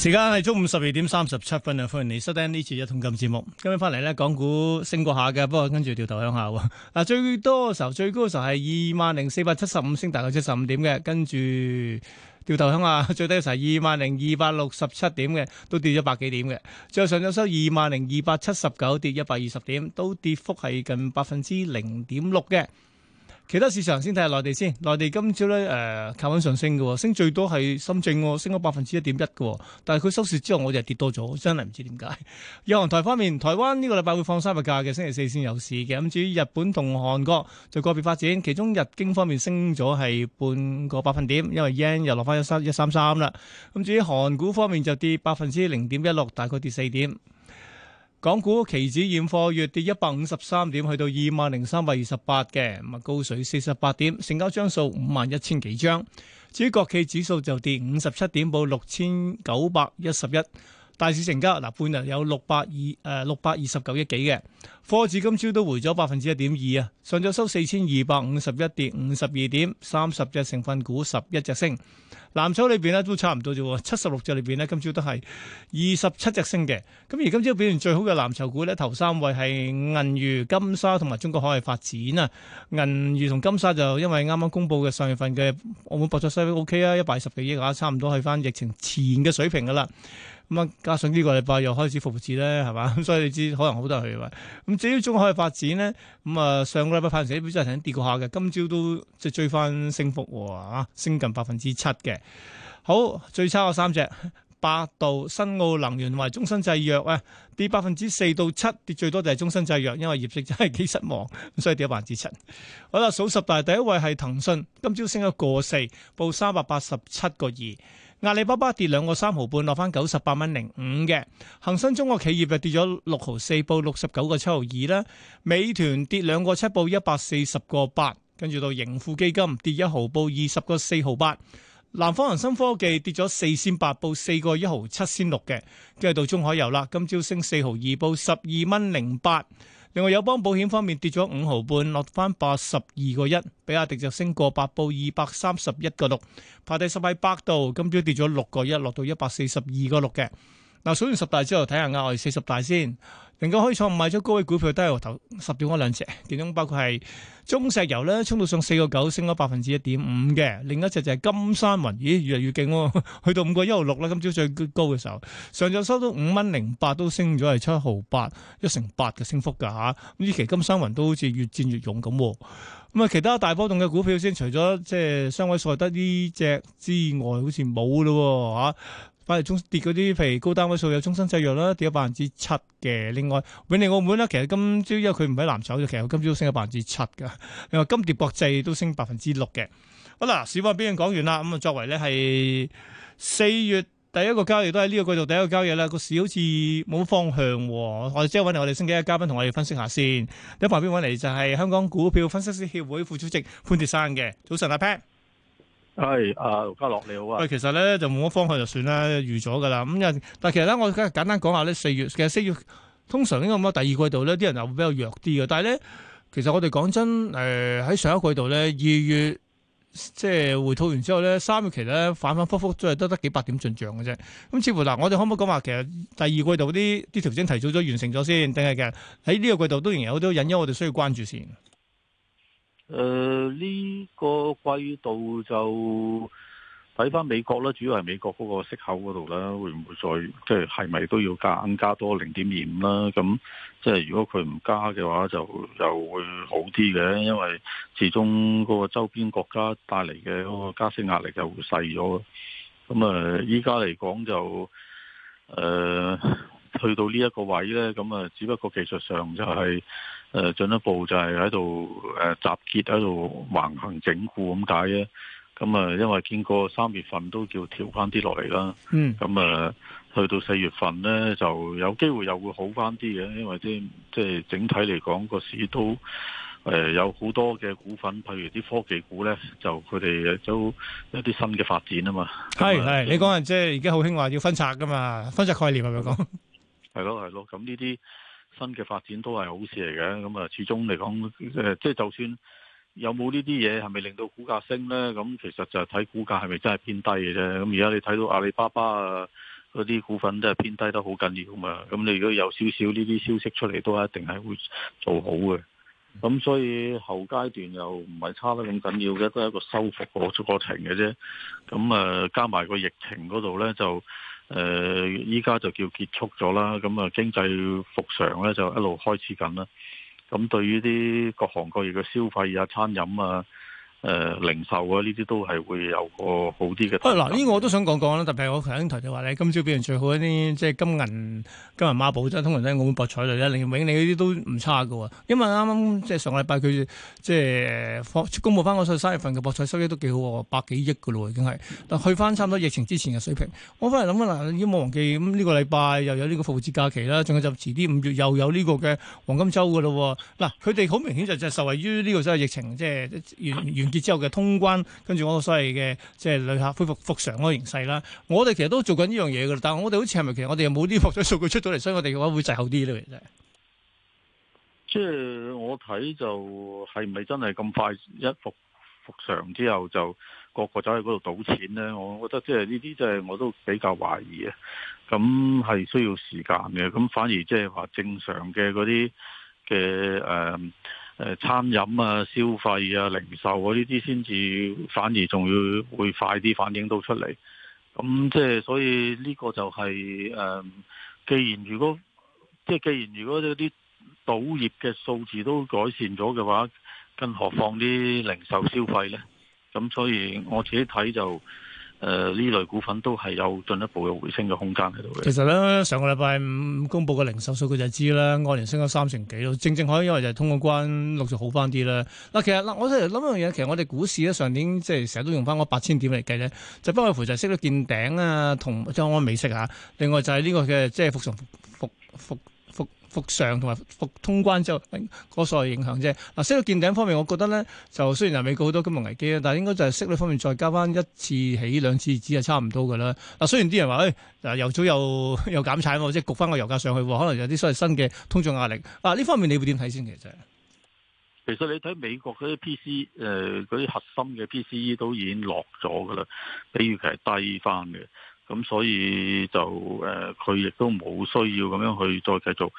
時間係中午十二點三十七分啊！歡迎你收聽呢次嘅同感節目。今日翻嚟呢，港股升過下嘅，不過跟住掉頭向下喎。嗱， 最多嘅時候最高嘅時候係二萬零四百七十五，升大概七十五點嘅。跟住掉頭向下，最低嘅時候係二萬零二百六十七點嘅，都跌咗百幾點嘅。最後上咗收二萬零二百七十九，跌一百二十點，都跌幅係近百分之零點六嘅。其他市場先睇下內地先。內地今朝咧誒靠穩上升嘅，哦，升最多係深圳喎，哦，升咗百分之一點一嘅。但係佢收市之後，我就跌多咗，真係唔知點解。日韓台方面，台灣呢個禮拜會放三日假嘅，星期四先有市嘅。咁至於日本同韓國就個別發展，其中日經方面升咗係半個百分點，因為 yen 又落翻一三一三三啦。咁至於韓股方面就跌百分之零點一六，大概跌四點。港股期指現貨月跌一百五十三點，去到二萬零三百二十八嘅，咁啊高水四十八點，成交張數五萬一千幾張。至於國企指數就跌五十七點，報六千九百一十一。大市成交嗱，半日有六百二，誒，六百二十九億幾嘅。科指今朝都回咗百分之一點二啊，上晝收四千二百五十一跌，五十二點，三十隻成分股十一隻升。藍籌裏邊咧都差唔多啫，七十六隻裏邊呢，今朝都係二十七隻升嘅。咁而今朝表現最好嘅藍籌股呢，頭三位係銀娛、金沙同埋中國海外發展啊。銀娛同金沙就因為啱啱公布嘅上月份嘅澳門博彩收益 O K 啊，一百二十幾億，而家差唔多去翻疫情前嘅水平噶啦。咁啊，加上呢個禮拜又開始復活節咧，係嘛？咁 所以你知可能好多人去。咁至於中海嘅發展咧，咁啊上個禮拜派展士啲表質突然跌過下嘅，今朝都就追翻升幅喎，升近百分之七嘅啊。好，最差有三隻：百度、新奧能源同埋中新製藥啊，跌百分之四到七，跌最多就係中新製藥，因為業績真係幾失望，所以跌百分之七。好啦，數十大第一位係騰訊，今朝升咗個四，報三百八十七個二。阿里巴巴跌兩個三毫半，落翻九十八蚊零五嘅。恒生中國企業就跌咗六毫四，報六十九個七毫二啦。美團跌兩個七，報一百四十個八。跟住到盈富基金跌一毫，報二十個四毫八。南方恒生科技跌咗四仙八，報四個一毫七仙六嘅。跟住到中海油啦，今朝升四毫二，報十二蚊零八。另外友邦保險方面跌咗五毫半，落翻八十二個一，比亞迪就升過八，報二百三十一個六，排第十喺百度，金標跌咗六個一，落到一百四十二個六嘅。嗱，數完十大之後，睇下額外四十大先。能夠開創賣咗高位股票都，都係頭十點嗰兩隻，其中包括係中石油咧，衝到上四個九，升咗百分之一點五嘅。另一隻就係金山雲，咦越嚟，越勁喎、哦，去到五個一毫六啦。今朝最高嘅時候，上晝收到五蚊零八，都升咗係七毫八，一成八嘅升幅噶吓。咁、啊、依期金山雲都好似越戰越勇咁、哦。咁、嗯、啊，其他大波動嘅股票先，除咗即係雙位數得呢隻之外，好似冇咯吓。啊中跌嗰啲，譬如高單位數有中生製藥啦，跌咗百分之七嘅。另外永利澳門啦，其實今朝因為佢唔喺藍籌嘅，其實今朝都升咗百分之七嘅。另外金蝶國際都升百分之六嘅。好啦，市況邊樣講完啦？咁啊，作為咧係四月第一個交易都係呢個季度第一個交易咧，個市好似冇方向。我哋即刻揾嚟我哋星期一嘉賓同我哋分析一下先。喺旁邊揾嚟就係香港股票分析師協會副主席潘鐵珊嘅。早晨啊，Pat。Pan 係，阿盧家樂你好啊。喂，其實咧就冇乜方向就算啦，預咗噶啦。咁但係其實咧，我今日簡單講下咧，四月其實四月通常呢個咁嘅第二季度咧，啲人又會比較弱啲嘅。但係咧，其實我哋講真，誒、呃、喺上一季度咧，二月即係回吐完之後咧，三月其實咧反反復復都係得得幾百點進賬嘅啫。咁、嗯、似乎嗱，我哋可唔可以講話，其實第二季度啲啲調整提早咗完成咗先定係？其實喺呢個季度都仍然有好多隱憂，我哋需要關注先。誒，呢、呃這個季度就睇返美國啦，主要係美國嗰個息口嗰度啦，會唔會再即係係咪都要加加多零點二五啦？咁即係如果佢唔加嘅話，就又會好啲嘅，因為始終嗰個周邊國家帶嚟嘅個加息壓力又、呃、就細咗。咁、呃、啊，依家嚟講就誒去到呢一個位呢，咁啊，只不過技術上就係、是。誒，進一步就係喺度誒集結喺度橫行整固咁解嘅，咁啊，因為經過三月份都叫調翻啲落嚟啦，咁啊、嗯，去到四月份咧，就有機會又會好翻啲嘅，因為啲即係整體嚟講個市都誒有好多嘅股份，譬如啲科技股咧，就佢哋都一啲新嘅發展啊嘛，係係、嗯，嗯、你講下，即係而家好興話要分拆噶嘛，分拆概念啊，係咪？ 講，係咯係咯，咁呢啲。新嘅發展都係好事嚟嘅，咁啊，始終嚟講，誒，即係就算有冇呢啲嘢，係咪令到股價升呢？咁其實就係睇股價係咪真係偏低嘅啫。咁而家你睇到阿里巴巴啊嗰啲股份都係偏低得好緊要啊嘛。咁你如果有少少呢啲消息出嚟，都係一定係會做好嘅。咁所以後階段又唔係差得咁緊要嘅，都係一個修復過程嘅啫。咁啊，加埋個疫情嗰度呢，就。誒依家就叫結束咗啦，咁啊經濟復常咧就一路開始緊啦，咁對於啲各行各業嘅消費啊、餐飲啊。誒、呃、零售啊，呢啲都係會有個好啲嘅。嗱、啊，呢、這個我都想講講啦，特別係我頭先台就話咧，今朝表現最好一啲，即係金銀、金銀孖寶，即通常咧澳門博彩嚟咧，永利嗰啲都唔差嘅喎。因為啱啱即係上個禮拜佢即係公佈翻嗰個三月份嘅博彩收益都幾好，百幾億嘅咯喎，已經係。但去翻差唔多疫情之前嘅水平。我翻嚟諗下，嗱，已經忘記咁呢、嗯這個禮拜又有呢個復活節假期啦，仲有就遲啲五月又有呢個嘅黃金周嘅咯喎。嗱、啊，佢哋好明顯就係受惠於呢個真係疫情，即係之後嘅通關，跟住嗰個所謂嘅即係旅客恢復復常嗰個形勢啦，我哋其實都做緊呢樣嘢噶啦，但係我哋好似係咪其實我哋又冇啲博彩數據出咗嚟，所以我哋嘅話會滯後啲咯，其實。即係我睇就係咪真係咁快一復復常之後就個個走去嗰度賭錢咧？我覺得即係呢啲即係我都比較懷疑啊！咁係需要時間嘅，咁反而即係話正常嘅嗰啲嘅誒。誒餐飲啊、消費啊、零售嗰呢啲先至反而仲要會快啲反映到出嚟，咁即係所以呢個就係、是、誒、嗯，既然如果即係、就是、既然如果啲賭業嘅數字都改善咗嘅話，更何況啲零售消費呢？咁所以我自己睇就。誒呢、呃、類股份都係有進一步嘅回升嘅空間喺度嘅。其實咧，上個禮拜五公布嘅零售數據就知啦，按年升咗三成幾咯。正正可以因為就係通過關陸續好翻啲啦。嗱、啊，其實嗱、啊，我真係諗一樣嘢，其實我哋股市咧上年即係成日都用翻嗰八千點嚟計咧，就包括就係識得見頂啊，同將安美息嚇。另外就係呢、這個嘅即係復常復復。復上同埋復通關之後嗰個所謂影響啫。嗱，息率見頂方面，我覺得咧就雖然係美國好多金融危機啦，但係應該就係息率方面再加翻一次起兩次止係差唔多㗎啦。嗱，雖然啲人話誒，啊，油組又又減產喎，即係焗翻個油價上去喎，可能有啲所謂新嘅通脹壓力。啊，呢方面你會點睇先其實？其實你睇美國嗰啲 PC 誒嗰啲核心嘅 PCE 都已經落咗㗎啦，譬如係低翻嘅，咁所以就誒佢亦都冇需要咁樣去再繼續。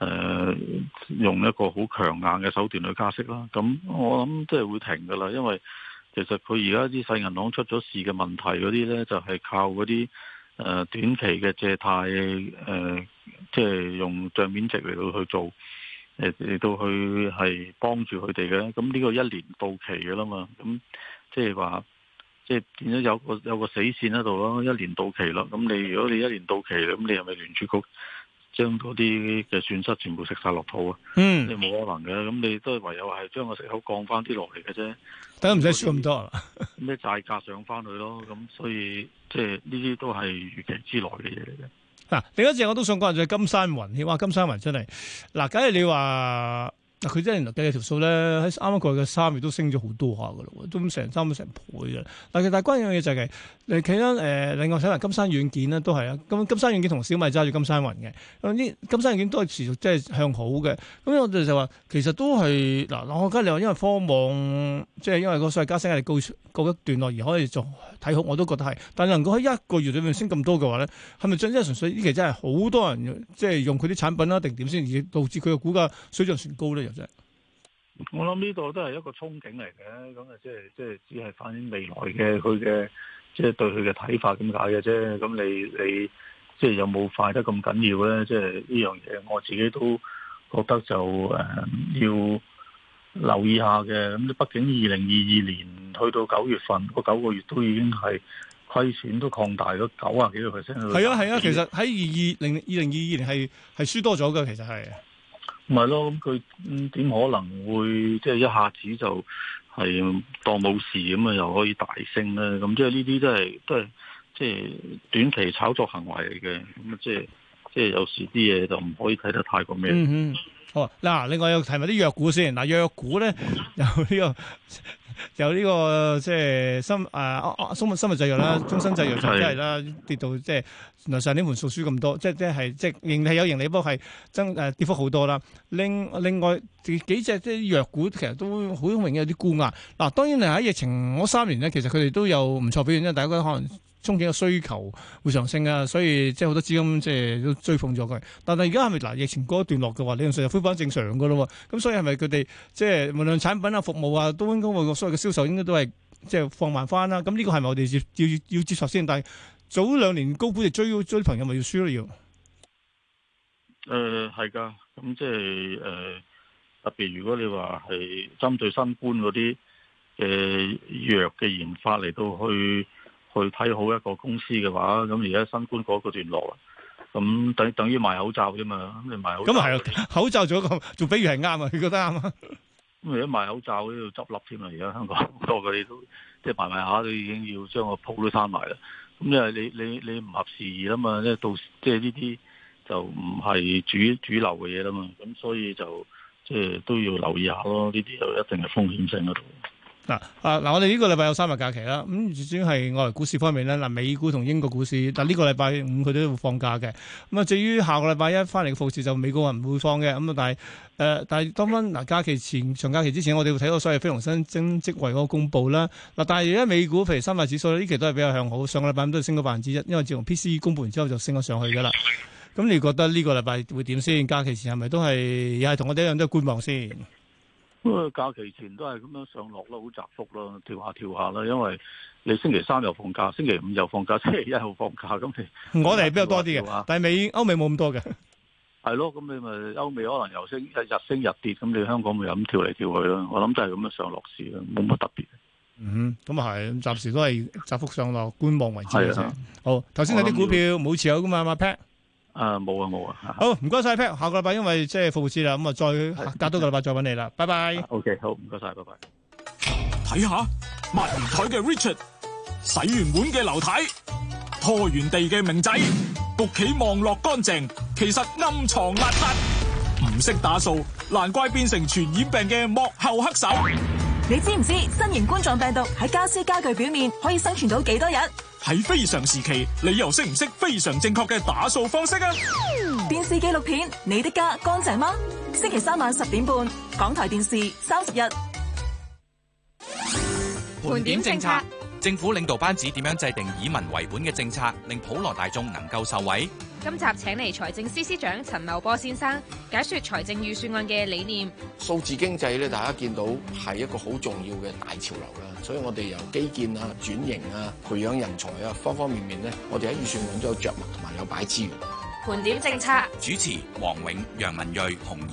誒、呃、用一個好強硬嘅手段去加息啦，咁我諗即係會停噶啦，因為其實佢而家啲細銀行出咗事嘅問題嗰啲呢，就係、是、靠嗰啲誒短期嘅借貸誒，即、呃、係、就是、用帳面值嚟、呃、到去做誒嚟到去係幫住佢哋嘅，咁呢個一年到期嘅啦嘛，咁即係話即係變咗有個有個死線喺度咯，一年到期啦，咁你如果你一年到期咧，咁你係咪聯儲局？將嗰啲嘅損失全部食晒落肚啊！嗯，你冇可能嘅，咁你都係唯有係將個食口降翻啲落嚟嘅啫。大家唔使輸咁多，咩 債價上翻去咯？咁所以即係呢啲都係預期之內嘅嘢嚟嘅。嗱，啊，另一隻我都想講就係金山雲，哇！金山雲真係嗱，假、啊、如你話。嗱，佢之前計嘅條數咧，喺啱啱過去嘅三月都升咗好多下嘅咯，都成三成倍嘅。但係其實關鍵一樣嘢就係、是，你企翻誒另外想埋金山軟件咧，都係啊。咁金山軟件同小米揸住金山雲嘅，咁金山軟件都係持續即係向好嘅。咁我哋就話其實都係嗱、啊，我覺得你話因為科網即係因為個所謂加息壓力告告一段落而可以做睇好，我都覺得係。但係能夠喺一個月裏面升咁多嘅話咧，係咪真係純粹呢期真係好多人即係用佢啲產品啦，定點先而導致佢嘅股價水漲船高咧？我諗呢度都係一個憧憬嚟嘅，咁啊，即係即係只係反映未來嘅佢嘅，即係對佢嘅睇法咁解嘅啫。咁你你即係有冇快得咁緊要咧？即係呢樣嘢，我自己都覺得就誒要留意下嘅。咁畢竟二零二二年去到九月份，嗰九個月都已經係虧損都擴大咗九啊幾個 percent。係啊係啊，其實喺二二零二零二二年係係輸多咗㗎，其實係。唔係咯，咁佢點可能會即係一下子就係當冇事咁啊？又可以大升咧？咁即係呢啲都係都係即係短期炒作行為嚟嘅咁啊！即 係樂。即係有時啲嘢就唔可以睇得太過咩？嗯嗯，好嗱，另外又睇埋啲藥股先嗱，藥股咧有呢、這個有呢、這個即係生誒、啊啊、生物生物製藥啦，中生製藥就真係啦，跌到即係原來上年盤數輸咁多，即係即係即係盈利有盈利，不過係增誒跌幅好多啦。另外另外幾幾隻即係藥股其實都好容易有啲沽壓嗱，當然喺疫情嗰三年咧，其實佢哋都有唔錯表現，因為大家覺得可能。憧憬嘅需求會上升啊，所以即係好多資金即係都追捧咗佢。但係而家係咪嗱疫情過一段落嘅話，理論上就恢復翻正常嘅咯？咁所以係咪佢哋即係無論產品啊、服務啊，都應該會所謂嘅銷售應該都係即係放慢翻啦、啊？咁呢個係咪我哋要要要接受先？但係早兩年高估值追追，追朋友咪要輸咯要？誒係噶，咁即係誒特別如果你話係針對新冠嗰啲嘅藥嘅研發嚟到去。去睇好一個公司嘅話，咁而家新冠嗰個段落，咁等等於賣口罩啫嘛，咁你賣口罩咁係啊？口罩仲仲比如係啱啊？你覺得啱啊？咁而家賣口罩都要執笠添啊！而家香港多嘅都即係賣埋下都已經要將個鋪都閂埋啦。咁因為你你你唔合時宜啊嘛，即係到即係呢啲就唔係主主流嘅嘢啦嘛。咁所以就即係都要留意下咯。呢啲就一定係風險性喺度。嗱，啊，嗱，我哋呢個禮拜有三日假期啦。咁原先係外圍股市方面咧，嗱，美股同英國股市，但呢個禮拜五佢都會放假嘅。咁啊，至於下個禮拜一翻嚟嘅復市就美國人唔會放嘅。咁啊，但係，誒、呃，但係當翻嗱假期前長假期之前，我哋會睇到所有非農新增職位嗰個公佈啦。嗱，但係而家美股譬如三大指數呢期都係比較向好，上個禮拜都升咗百分之一，因為自從 PCE 公佈完之後就升咗上去噶啦。咁你覺得個呢個禮拜會點先？假期前係咪都係又係同我哋一樣都係觀望先？咁啊，假期前都係咁樣上落啦，好窄幅啦，跳下跳下啦，因為你星期三又放假，星期五又放假，星期一又放假，咁我哋係比較多啲嘅，但係美歐美冇咁多嘅，係咯，咁你咪歐美可能又升日升日跌，咁你香港咪咁跳嚟跳去咯，我諗都係咁樣上落市咯，冇乜特別。嗯，咁啊係，暫時都係窄幅上落觀望為主、啊、好，頭先你啲股票冇持有噶嘛，Pat。Pat? 啊，冇啊，冇啊，好，唔該晒 Pat，下個禮拜因為即係復活節啦，咁啊再隔多個禮拜再揾你啦，拜拜。OK，好，唔該晒，拜拜。睇下抹完台嘅 Richard，洗完碗嘅劉太，拖完地嘅明仔，屋企望落乾淨，其實暗藏邋遢，唔識打掃，難怪變成傳染病嘅幕後黑手。你知唔知新型冠狀病毒喺家私家具表面可以生存到幾多日？喺非常時期，你又識唔識非常正確嘅打掃方式啊？電視紀錄片《你的家乾淨嗎》星期三晚十點半，港台電視三十日盤點政策。政府領導班子點樣制定以民為本嘅政策，令普羅大眾能夠受惠？今集請嚟財政司司長陳茂波先生解説財政預算案嘅理念。數字經濟咧，大家見到係一個好重要嘅大潮流啦，所以我哋由基建啊、轉型啊、培養人才啊，方方面面咧，我哋喺預算案都有着墨同埋有擺資源盤點政策。主持：黃永、楊文睿、同。